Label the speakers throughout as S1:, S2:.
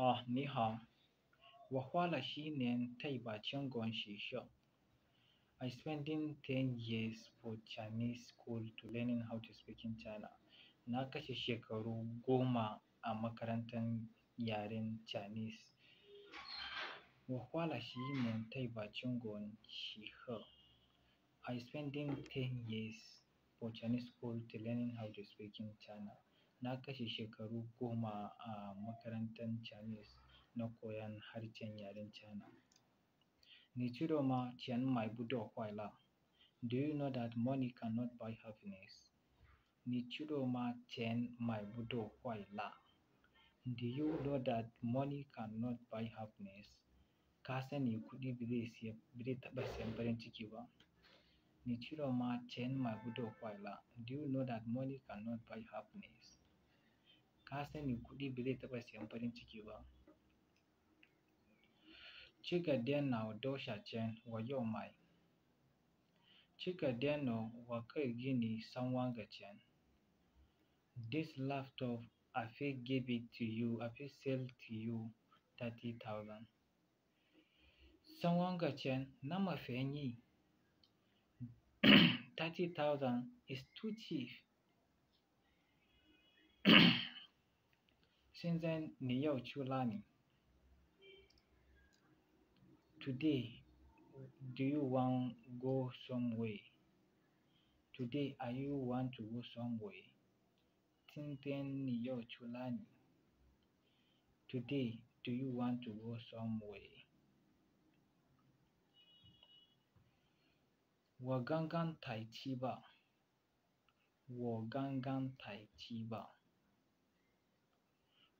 S1: 啊，你好，我花了七年才把中文学好。I spent ten years for Chinese school to learning how to speak in China. Na kashe shekaru goma a makarantar yaren Chinese. Wahala shi ne taiba gon shi I spent ten years for Chinese school to learning how to speak in China. Na kashe shekaru goma a makarantar Chinese na koyan harshen yaren China. Nichiroma Mai Budo Huaila. Do you know that money cannot buy happiness? Nichiroma Mai Budo Huaila. Do you know that money cannot buy happiness? Ka sani kuɗi ba zai taɓa siyan farin ciki ba. Nichiroma Mai Budo Huaila. Do you know that money cannot buy happiness? ka sani kuɗi ba zai taɓa siyan farin ciki ba Chika deno wa wayo mai. Chika deno kai gini can. This laptop, I fit give it to you, I fit sell to you 30,000. na namafe yi. 30,000 is too cheap. 现在你要去哪里？Today, do you want go somewhere? Today, are you want to go somewhere? 今天你要去哪里？Today, do you want to go somewhere? 我刚刚抬起吧。我刚刚抬起吧。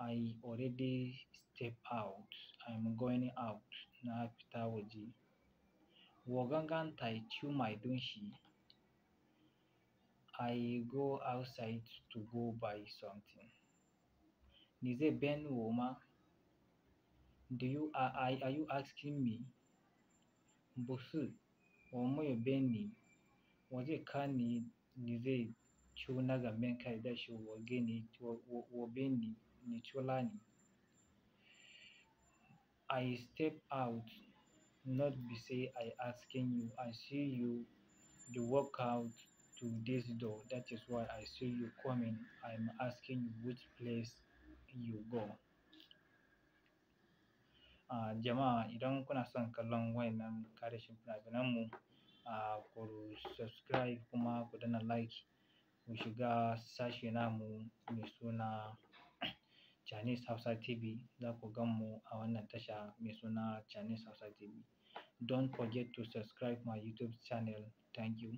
S1: I already step out. I'm going out na fita waje. Wagangan tai mai dunshi. I go outside to go buy something. Nize Ben Woma, do you are, are you asking me? Mbusu, omoyo Benny, waje kani nize chunaga menka idashu wageni wabeni. Wa, beni. Nicolani. I step out, not be say I asking you. I see you, you walk out to this door. That is why I see you coming. I'm asking you which place you go. Uh, jama'a idan kuna son kallon wayannan karishin fina-finanmu uh, ah, ku subscribe kuma ku dana like ku shiga sashe namu mai suna Chinese Hausa TV za ku gan mu a wannan tasha mai suna Chinese Hausa TV. Don't forget to subscribe my YouTube channel. Thank you.